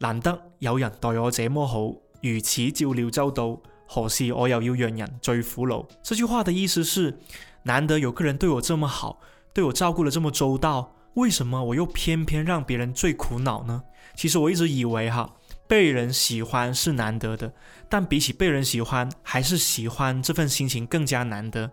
難得有人待我這麼好，如此照料周到，何時我又要讓人最苦惱？這句話的意思是，難得有個人對我這麼好，對我照顧了這麼周到，為什麼我又偏偏讓別人最苦惱呢？其實我一直以為哈，被人喜歡是難得的，但比起被人喜歡，還是喜歡這份心情更加難得。